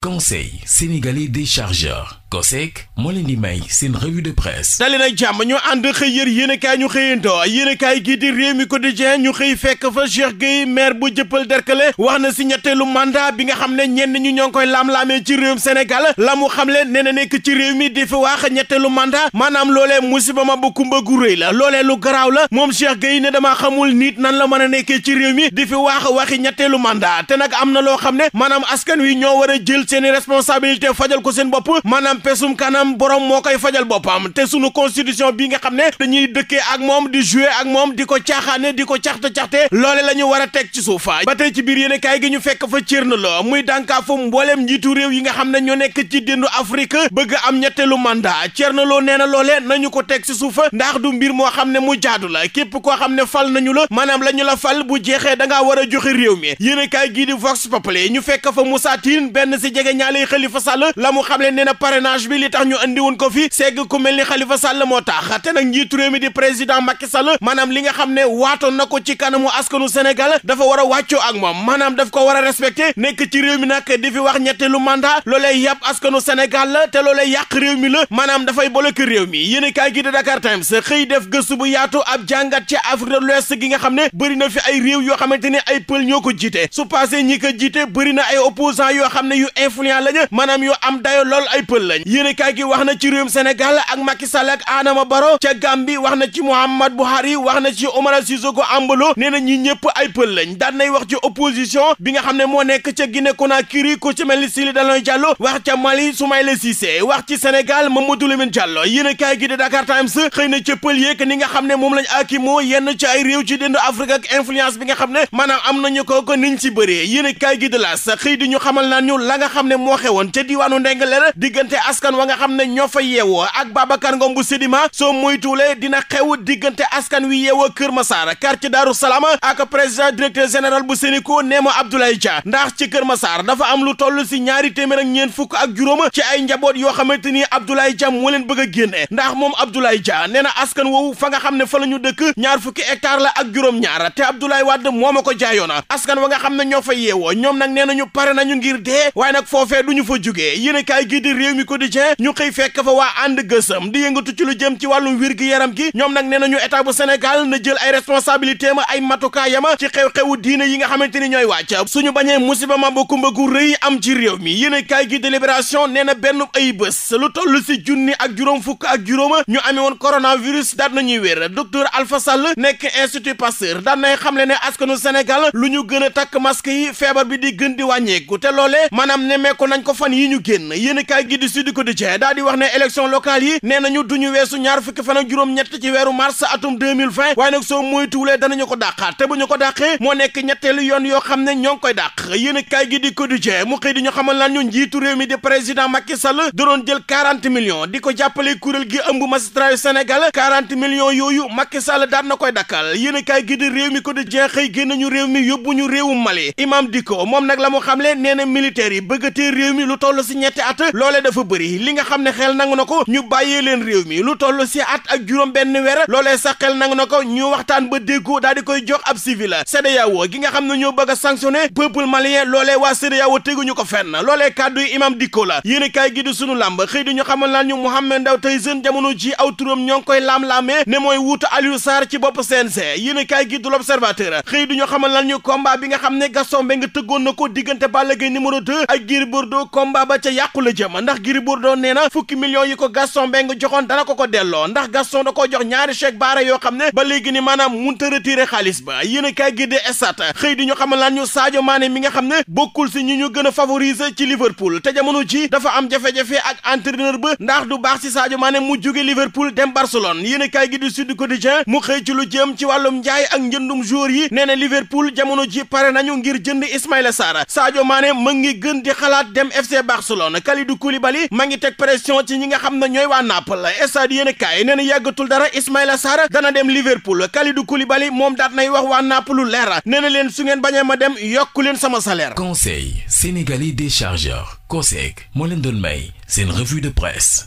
conseil sénégalais des chargeurs COSEC moo leen di may seen revue de presse dali nag jàmm ñu ànd xëy yër yéenekaay ñu xëyantoo yéenekaay gii di réew mi quotidien ñu xëy fekk fa Cheikh Gueye maire bu jëppal derkale wax na si ñetteelu mandat bi nga xam ne ñenn ñu ñoo koy laam-laamee ci réewum Sénégal la mu xamle nee na nekk ci réew mi di fi waax ñetteelu mandat maanaam loolee musiba ma bu kumba gu rëy la loolee lu garaaw la moom Cheikh Gueye ne damaa xamul nit nan la mën a nekkee ci réew mi di fi waax waxi ñetteelu mandat te nag am na loo xam ne maanaam askan wi ñoo war a jël seen i responsabilité fajal ko seen bopp maanaam pesum kanam borom moo koy fajal boppam te sunu constitution bi nga xam ne dañuy dëkkee ak moom di jouer ak moom di ko caaxaane di ko caxte caxte loole la ñu war a teg ci suufa ba tey ci biir yéen kaay gi ñu fekk fa cër na loo muy dànkaafu mbooleem njiitu réew yi nga xam ne ñoo nekk ci déndu Afrique bëgg am ñetteelu mandat cër na loo nee na loole nañu ko teg ci suufa ndax du mbir moo xam ne mu jaadu la képp koo xam ne fal nañu la maanaam la la fal bu jeexee da ngaa war a joxe réew mi yéen kaay gii di vox populi ñu fekk fa Moussa Tine benn si jege ñaale Khalifa Sall la mu xam le nee na parrainage bi li tax ñu andi woon ko fi segg ko mel ni Khalifa Sall moo tax te nag njiitu réew mi di président Macky Sall maanaam li nga xam ne waatoon na ko ci kanamu askanu Sénégal dafa war a wàccoo ak moom maanaam daf ko war a respecté nekk ci réew mi nag di fi wax ñetteelu mandat loolee yàpp askanu Sénégal la te loolee yàq réew mi la maanaam dafay bloqué réew mi yéen kaay gi de Dakar xëy def gëstu bu yaatu ab jàngat ci Afrique de l'Ouest nga xam ne bëri na fi ay réew yoo xamante ne ay pël ñoo ko jiite su passé ñi ko jiite bëri na ay opposants yoo xam ne yu influent lañu maanaam am dayo lool ay pël lañ yéenekaay gi wax na ci réewum Sénégal ak Macky Sall ak Adama ca Gambie wax na ci Mouhamed Buhari wax na ci Umaro Sissoco Embalo nee na ñi ñëpp ay pël lañ wax ci opposition bi nga xam ne moo nekk ca Guinée Conakry ku ci mel ni Sili Dalein Diallo wax ca Mali Soumaïla Cissé wax ci Sénégal Mamadou Lamine Diallo yéenekaay gi de Dakar Times xëy ca pël yeeg ni nga xam ne moom lañ akimoo yenn ci ay réew ci déndu bi nga xam ne maanaam am xam ne moo xewoon ca diwaanu Ndingler diggante askan wa nga xam ne ñoo fa yeewoo ak Babacar Ngom bu Sedima soo moytuwulee dina xew diggante askan wi yeewoo Kër Massar quartier Daaru Salaam ak président directeur général bu Sénico Néema Abdoulaye Dia ndax ci Kër Massar dafa am lu toll si ñaari téeméer ak fukk ak juróom ci ay njaboot xamante ni Abdoulaye Dia moo leen bëgg a génne ndax moom Abdoulaye Dia nee na askan woowu fa nga xam ne fa la ñu dëkk ñaar fukki hectare la ak juróom-ñaar te Abdoulaye Wade moo ma ko jaayoon askan wa nga xam na ñoo fa yeewoo ñoom nag nee nañu pare na ñu ngir dee waaye nag foofe du ñu fa jugee yéenekaay gi di réew mi quotidien ñu xëy fekk fa waa ànd gësëm di yëngatu ci lu jëm ci wàllum wér gi yaram gi ñoom nag nee nañu état bu senegal na jël ay responsabilité ma ay matukaayama ci xew-xewu diine yi nga xamante ni ñooy wàcc suñu bañee musiba ma ba kumba gu rëy am ci réew mi yéenekaay gi di Libération nee na benn ay bés lu toll si junni ak juróom fukk ak juróoma ñu amee woon coronavirus daat nañuy wér docteur Alpha Sall nekk Institut Pasteur daan nay xamle ne askanu Sénégal lu ñu gën a takk masque yi feebar bi di gën wàññeeku te loolee nemmeeku nañ ko fan yi ñu génn yéen kaay gi di Sud Quotidien daal di wax ne élection locale yi nee nañu duñu weesu ñaar fukki fan ak juróom-ñett ci weeru mars atum 2020 waaye nag soo moytuwulee danañu ko dàqaat te bu ñu ko dàqee moo nekk ñetteelu yoon yoo xam ne ñoo ngi koy dàq yéen kaay gi di Quotidien mu xëy di ñu xamal lan ñu njiitu réew mi di président Macky Sall da doon jël 40 millions di ko jàppale kuréel gi ëmb magistrat yu Sénégal 40 millions yooyu Macky Sall daan na koy dakkal yéen kaa gi di réew mi Quotidien xëy génn ñu réew mi yóbbu ñu réewu Mali imam Diko moom nag la mu xamle nee na militaire yi bëgg yàggatee réew mi lu toll si ñetti at loole dafa bëri li nga xam ne xel nangu na ko ñu bàyyee leen réew mi lu toll si at ak juróom benn weer loolee sa xel nangu na ko ñu waxtaan ba déggoo daal di koy jox ab civil CEDEAO gi nga xam ne ñoo bëgg a sanctionné peuple malien loolee waa CEDEAO teguñu ko fenn loolee kàddu yi imam dikko la yéen kaay gi di sunu làmb xëy di ñu xamal naan ñu Mouhamed Ndao Tyson jamono ji aw turam ñoo koy lam laamee ne mooy wuutu Aliou Sarr ci bopp CNG yéen kaay gi du l'observateur xëy di ñu xamal naan ñu combat bi nga xam ne Gaston Mbengue tëggoon na ko diggante Balla Gaye numéro 2 ak Gris Bordeaux combat ba ca yàqu la jëm ndax Gris Bordeaux nee na fukki millions yi ko Gaston Mbengue joxoon dana ko ko delloo ndax Gaston da koo jox ñaari chèque baara yoo xam ne ba léegi ni maanaam munta retiré xaalis ba yéen a kaay gi de estat xëy di ñu xamal laan ñu Sadio Mané mi nga xam ne bokkul si ñi ñu gën a ci Liverpool te jamono ji dafa am jafe-jafe ak entraîneur ba ndax du baax si Sadio Mané mu jóge Liverpool dem Barcelone yéen a kaay gi du Sud Quotidien mu xëy ci lu jëm ci wàllum njaay ak njëndum yi nee na Liverpool jamono ji pare nañu ngir jënd Ismaïla Sarr Sadio Mané ma ngi xalaat dem FC Barcelone Kalidou Koulibaly ma ngi teg pression ci ñi nga xam ne ñooy waa Naples stade yéen kaay nee na yàggatul dara Ismaïla Sarr dana dem Liverpool Kalidou Koulibaly moom daat nay wax waa Naples lu leer nee na leen su ngeen bañee ma dem yokk leen sama salaire. Conseil sénégalais des chargeurs COSEC moo leen doon may seen revue de presse.